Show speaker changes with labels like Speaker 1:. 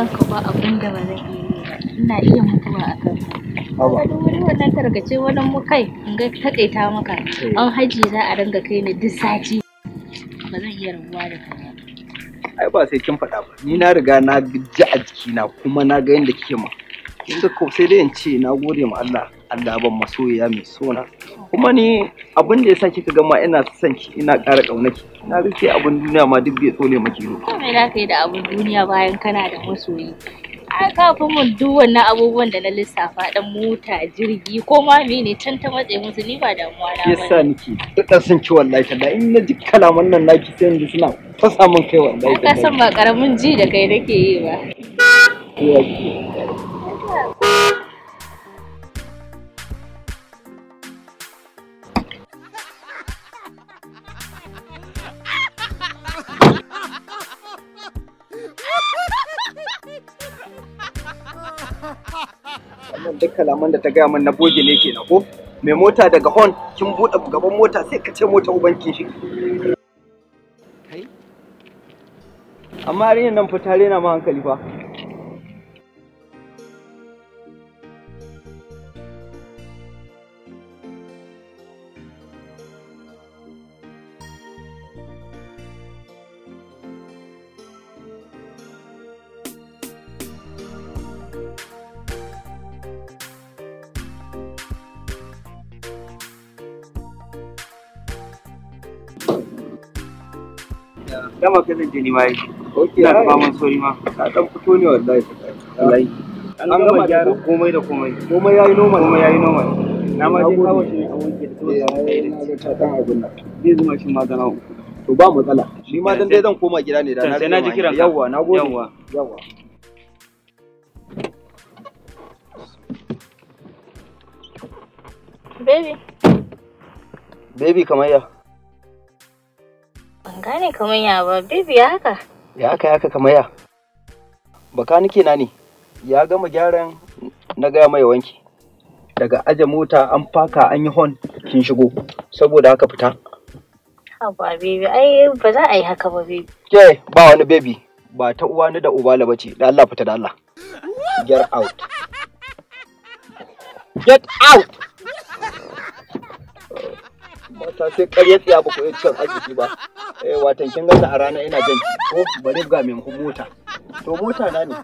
Speaker 1: kanka ba abin da ba zan iya yi ba ina iya mutuwa a kanka haba duk wani wannan tarkace wani mu kai in ga takaita maka eh. an haji za a ranga kai ni duk sati ba zan iya rabuwa da kai ai ba sai kin faɗa ba ni na riga na ji a jikina kuma na ga yadda kike ma inda ko sai dai in ce na gode ma Allah Allah ban masoyiya mai sona kuma ni abin da yasa kika ga ma ina son ki ina ƙara ƙaunaki na rike abin duniya ma duk bai tsone maki ne kuma me kai da abin duniya bayan kana da masoyi a kafin mu duk wannan abubuwan da na lissafa dan mota jirgi ko ma mene can ta matse musu ni ba damuwa na ba yasa nake duk sun ki wallahi da in na ji kalaman nan naki sai yanzu suna fasa mun kai wallahi ka san ba karamin ji da kai nake yi ba wannan duk kalaman da ta gaya min na boge ne kenan ko mai mota daga hon kin bude gaban mota sai ka ce mota uban kin shi amma yarinyar nan fitare ta rena ma hankali fa dama ka zan ma yi ok na ba ma fito ne wallahi wallahi an gama gyara komai da komai komai yayi normal komai yayi normal na ma je kawo shi a wanke da sauran sai eh, ta dan abun nan zai zuma shi ma dana to ba matsala shi ma dan dai zan koma gida ne da na sai na ji kiran yawa nagode yawa yawa Baby. Baby kamar gane kamar ya ba, bibi ya haka. Ya haka ya haka kamar ya. Bakanike na ne, ya gama gyaran na gaya mai wanki. Daga aje mota an faka an yi hon kin shigo, saboda haka fita. Haba bibi, ai ba za a yi haka ba bibi. Ke ba wani bibi, ba ta uwa ni da ubala ba ce, da Allah fita da Allah. Get out. Get out! Mata sai ƙarya tsaya ba ku yi can arziki ba. Eh, watan kin gaza a rana ina jan ko oh, bari ga mai mota to mota na ne